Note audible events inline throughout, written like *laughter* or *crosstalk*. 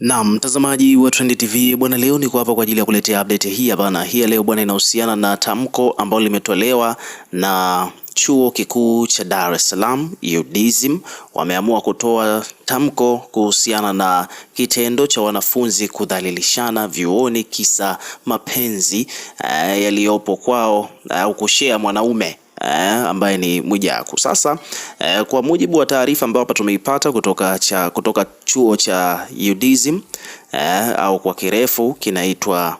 Na mtazamaji wa Trend TV bwana, leo niko hapa kwa ajili ya kuletea update hii hapa na hii leo bwana, inahusiana na tamko ambalo limetolewa na Chuo Kikuu cha Dar es Salaam UDSM wameamua kutoa tamko kuhusiana na kitendo cha wanafunzi kudhalilishana vyuoni kisa mapenzi uh, yaliyopo kwao eh, au uh, kushea mwanaume uh, ambaye ni Mwijaku. Sasa eh, kwa mujibu wa taarifa ambayo hapa tumeipata kutoka, cha, kutoka chuo cha UDSM eh, au kwa kirefu kinaitwa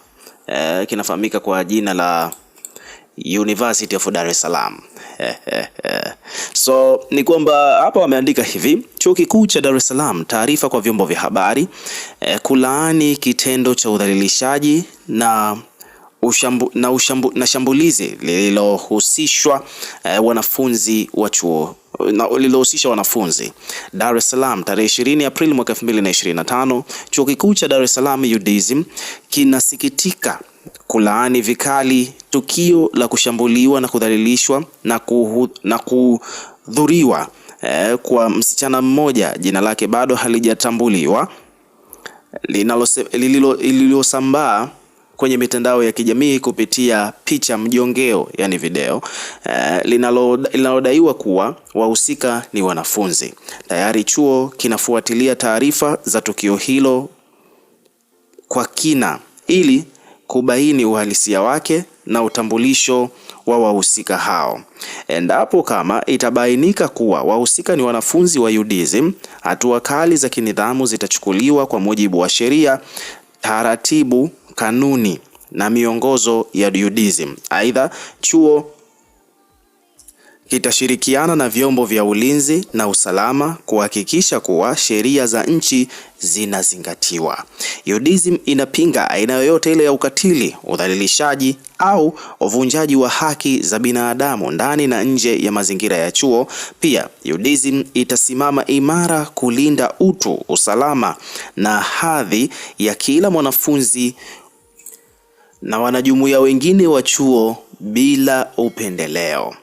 eh, kinafahamika kwa jina la University of Dar es Salaam. *laughs* So ni kwamba hapa wameandika hivi: chuo kikuu cha Dar es Salaam, taarifa kwa vyombo vya habari eh, kulaani kitendo cha udhalilishaji na ushambu, na, ushambu, na shambulizi lililohusishwa eh, wanafunzi wa chuo lililohusisha wanafunzi Dar es Salaam tarehe 20 Aprili mwaka 2025. Chuo kikuu cha Dar es Salaam UDSM kinasikitika kulaani vikali tukio la kushambuliwa na kudhalilishwa na, kuhu, na kudhuriwa eh, kwa msichana mmoja jina lake bado halijatambuliwa lililosambaa kwenye mitandao ya kijamii kupitia picha mjongeo, yani video eh, linalodaiwa kuwa wahusika ni wanafunzi. Tayari chuo kinafuatilia taarifa za tukio hilo kwa kina ili kubaini uhalisia wake na utambulisho wa wahusika hao. Endapo kama itabainika kuwa wahusika ni wanafunzi wa UDSM, hatua kali za kinidhamu zitachukuliwa kwa mujibu wa sheria taratibu, kanuni na miongozo ya Judaism. Aidha, chuo kitashirikiana na vyombo vya ulinzi na usalama kuhakikisha kuwa sheria za nchi zinazingatiwa. UDSM inapinga aina yoyote ile ya ukatili, udhalilishaji au uvunjaji wa haki za binadamu ndani na nje ya mazingira ya chuo. Pia UDSM itasimama imara kulinda utu, usalama na hadhi ya kila mwanafunzi na wanajumuiya wengine wa chuo bila upendeleo.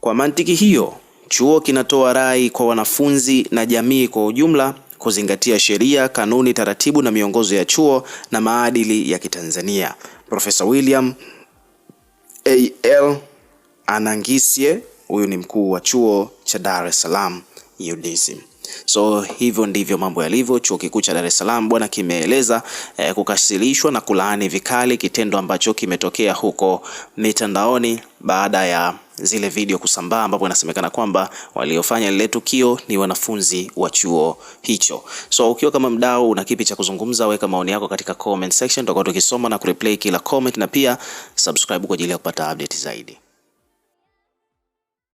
Kwa mantiki hiyo, chuo kinatoa rai kwa wanafunzi na jamii kwa ujumla kuzingatia sheria, kanuni, taratibu na miongozo ya chuo na maadili ya Kitanzania. Profesa William A.L. Anangisye huyu ni mkuu wa chuo cha Dar es Salaam UDSM. So hivyo ndivyo mambo yalivyo. Chuo kikuu cha Dar es Salaam bwana kimeeleza eh, kukasirishwa na kulaani vikali kitendo ambacho kimetokea huko mitandaoni baada ya zile video kusambaa, ambapo inasemekana kwamba waliofanya lile tukio ni wanafunzi wa chuo hicho. So ukiwa kama mdau, una kipi cha kuzungumza, weka maoni yako katika comment section, tutakuwa tukisoma na kureplay kila comment, na pia subscribe kwa ajili ya kupata update zaidi.